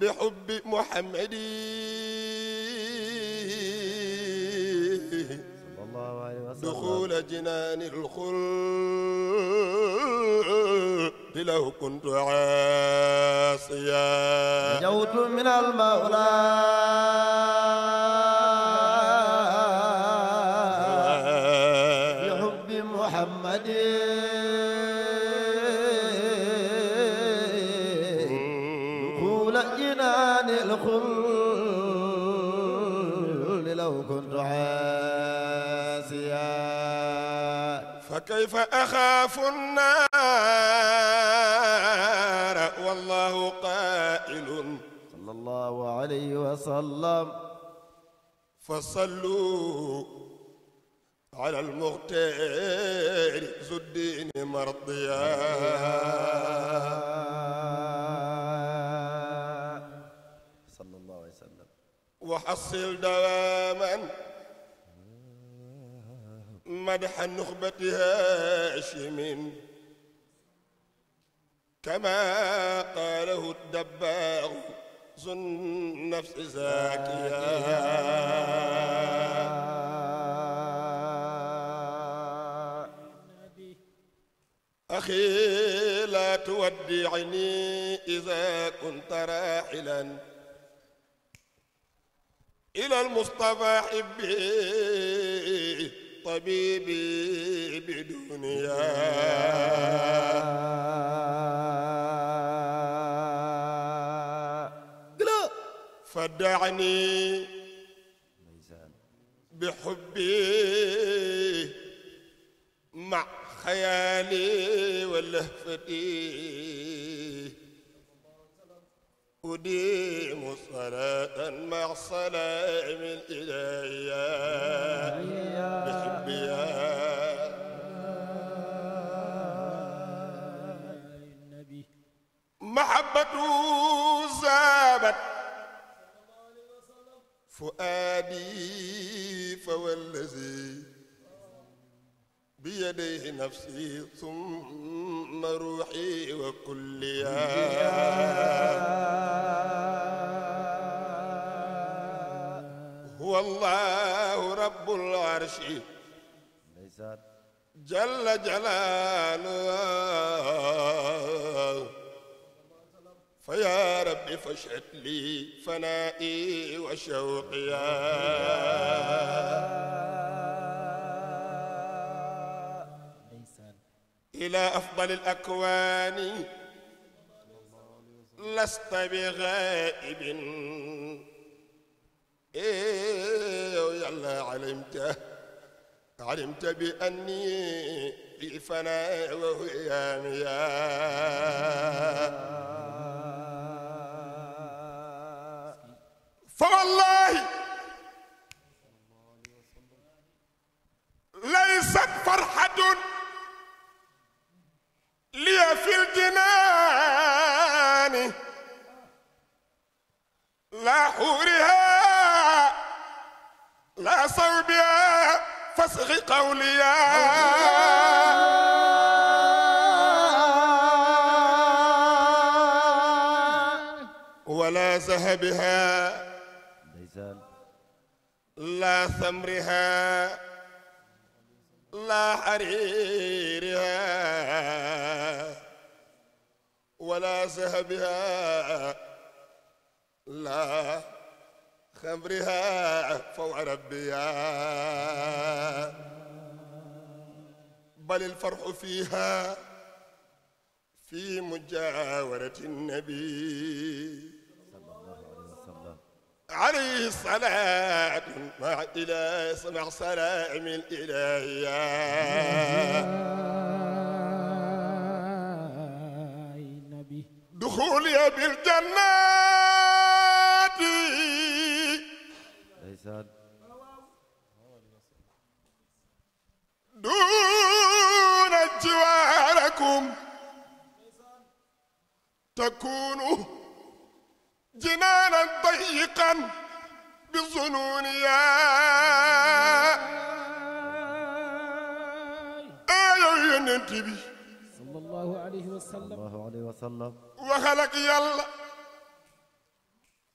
بحب محمد دخول جنان الخلد له كنت عاصيا نجوت من المولى محمد دخول جنان الخلد لو كنت عاسيا فكيف أخاف النار والله قائل صلى الله عليه وسلم فصلوا على المختار ذو الدين مرضيا صلى الله عليه وسلم وحصل دواما مدح النخبة هاشم كما قاله الدباغ ذو النفس زاكيا أخي لا تودعني إذا كنت راحلا إلى المصطفى حبي طبيبي بدنيا فدعني بحبي مع خيالي ولهفتي أديم صلاة مع سلام الإلهي بحبيا محبته زابت فؤادي فوالذي بيديه نفسي ثم روحي وكليا هو الله رب العرش جل جلاله فيا رب فاشهد لي فنائي وشوقي إلى أفضل الأكوان لست بغائب إيه يلا علمت علمت بأني في فناء وهيام يا فوالله ليست فرحة liya fil jinaani laa xuurihaa laa sawbihaa fasxi qawliyaa ولا ذهبها لا ثمرها لا حريرها ذهبها لا خمرها فوع ربها بل الفرح فيها في مجاورة النبي عليه الصلاة مع إله مع سلام الإلهية xulya bil jannaati duuna jiwaarakum takunu jinaanan dayiqan bi zunuuniya ayow yonent bi sallallahu alayhi wa sallam وسلم waxal ak yàlla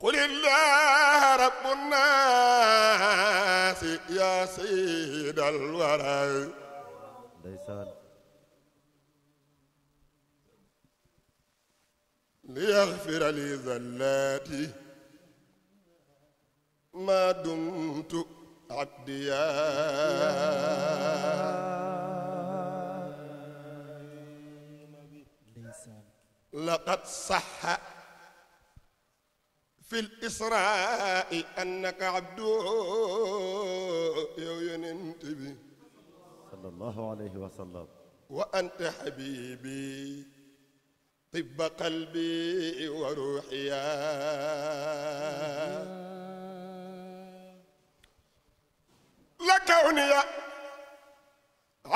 قل الله رب الناس يا سيد الورى ndeysaan ليغفر لي ذلاتي ما دمت عبديا laqad saxa fi l israai annaka abdu yow yonent bi sallallahu alayhi wa sallam wa anta habibi tibba qalbi wa ruxiya la kawniya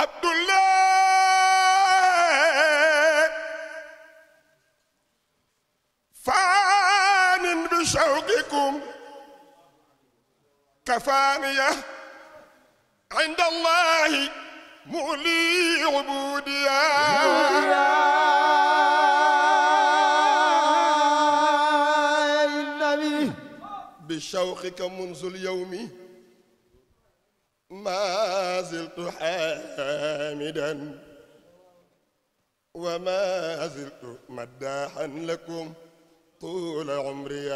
abdullah كفانية عند الله مؤلي عبودية بشوقك منذ اليوم ما زلت حامدا وما زلت مداحا لكم طول عمري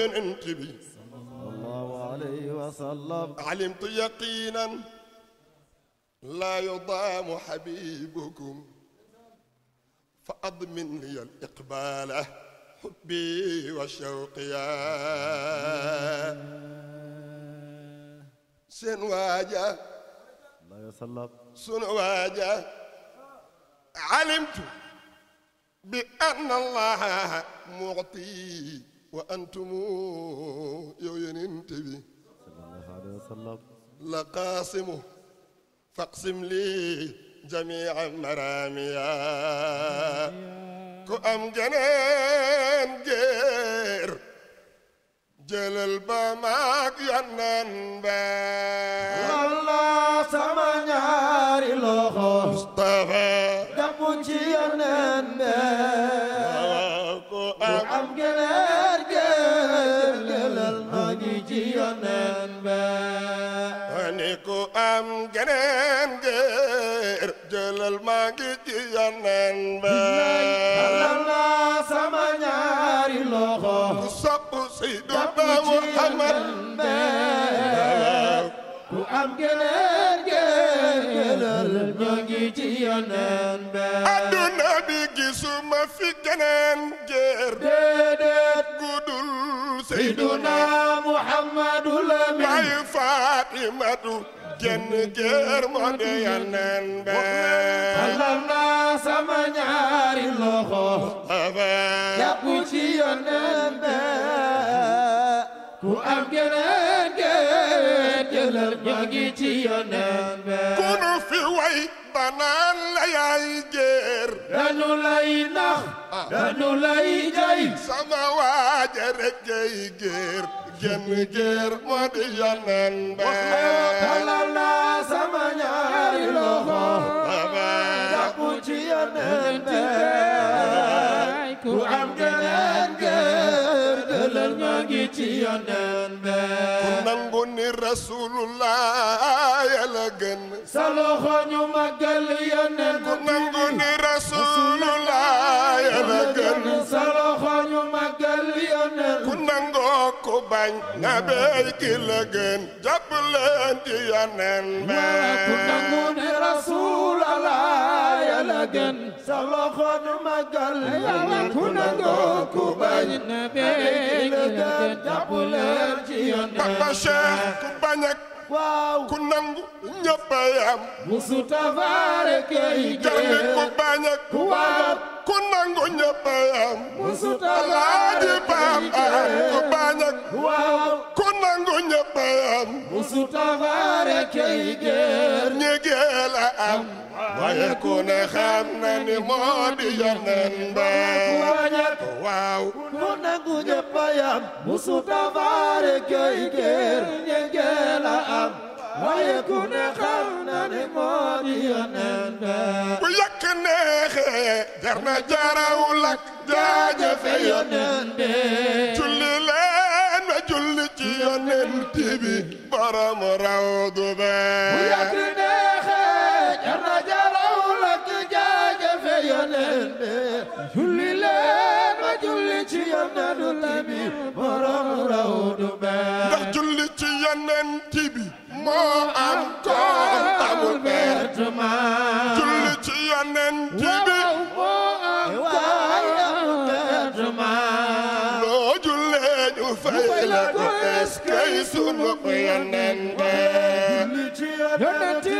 yonent bi sallallahu alayhi wa sallam alimtu yaqinan laa yudaamu habibukum fa admin li al iqbaala xubbi wa shawqiya seen waaja sunu waaja alimtu bi anna allaha mu'ti wa antumu yow yonent bi la qaasimu faqsim lii jamia maramiya ku am janeen géer jëlal ba maag yonnan ba nan ba Allah sama ñaari loxo ku sopp Seydina Muhammad ku am gënal gënal ñoo ngi ci yonen ba adduna bi gisuma fi geneen géer déedéet gudul Seydina Muhammadu la min Fatimatu kenn kër moo de yanan ba xalam naa sama loxo jàpp ci yonen ku am geneen geneen jëlal ma ku nu fi way naan la yaay géer dañu lay nax dañu lay jay sama waaja rek gay géer genn géer moo di yonan ba talal naa sama ñaari loxo jàpp ci yonan ba ku am geneen géer dëlal ma ngi ci yonan rasulullah yàlla gën sa ñu màggal yónneen ku nangu ni rasulullah yàlla gën sa loxo ku nangoo ku bañ na bey ki la gën jàpp leen ci yónneen ku nangu ni rasulullah la gën sa loxo ku nangoo ku bañ ku bañ ku nangu ñëpp a yam musu tafaare kay jàng ku bañ ku nangu ñëpp yam ñëpp am Mustafa rek ay géer ñi géel a am waaye ku ne xam na ni moo di yonen ba waaw ku nangu ñëpp am Mustafa rek ay géer ñi géel a am waaye ku ne xam na ne moo di yoneen ba bu yàq neexee jar na jaraw lak jaajëfe yoneen bi bi borom raw du be bu yàgg neexee jar na jaraw la ki jaajëfe yonent bi julli leen ma julli ci yonent bi borom raw du be ndax julli ci yonent bi moo am koom amul pertement eskay na yonent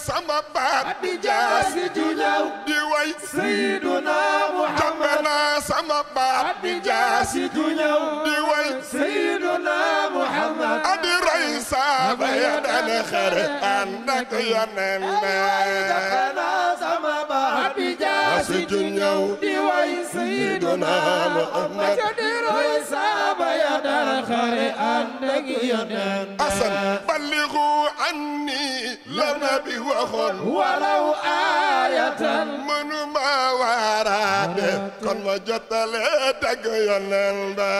sama baat jaasi ju ñaw di way sayyiduna Muhammad jàppe naa sama baat jaasi ju ñaw di way saaba ya daan xër ànd ak yoneen sama ba abija si ju ñëw di way sayyiduna Muhammad saaba ya daan xër ànd ak yoneen asan balligu anni la nabi waxoon walaw aayatan mënuma waaraate kon ma jottale dagg yoneen ba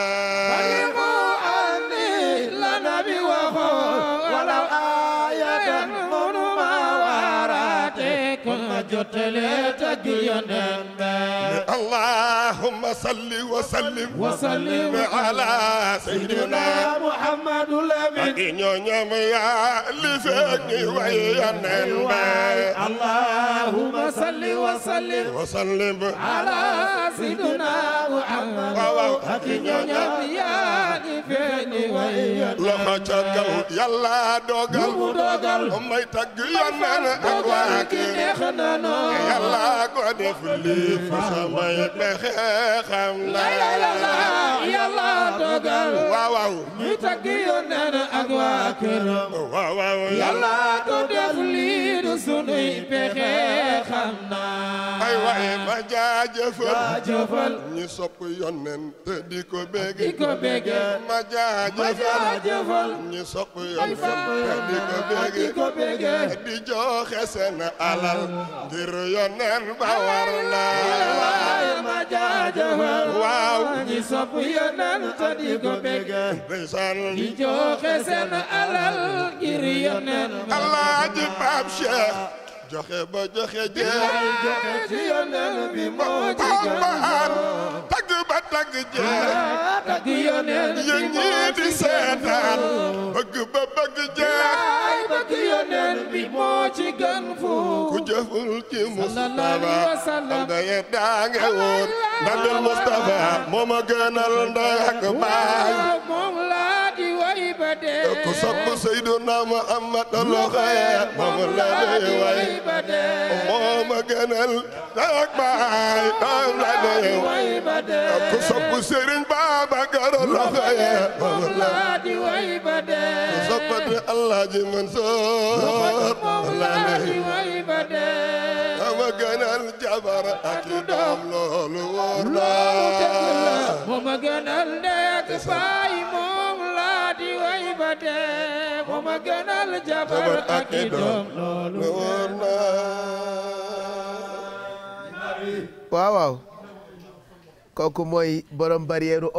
jottale tagg yonent ba allahumma salli wa sallim wa sallim ala sayyidina muhammadul ak ñoo ñoom yaa li feeg ñuy way yoneen salli wa sallim wa sallim ak ñoo ñoom yaa li feeg ñuy way yoneen ca kaw yàlla dogal mu dogal may tagg yoneen ak waa ki neex na noo yàlla ko def lii fa samay xam na waaw ñu tagg yónneen ak waa këram waaw waaw yàlla ko sunuy pexe xam naa ay waaye ma jaajëfal jaajëfal ñu sopp yónneen te ko bége di ko bége ma jaajëfal ñu sopp yónneen te ko bége di ko bége di joxe seen alal ngir yónneen ba war naa waaye ma jaajëfal waaw sopp yonent di ko bëgge di ba joxe bi moo ci gàllankoor deful ci Mustafa Mustafa moom a gënal ndey baay ku sopp Seydina Muhammad loxoya moom la dee way moom a moom la dee way ku sopp Serigne Babacar loxoya moom la dee way Alaaji Mansoor lane ama kooku mooy borom barrière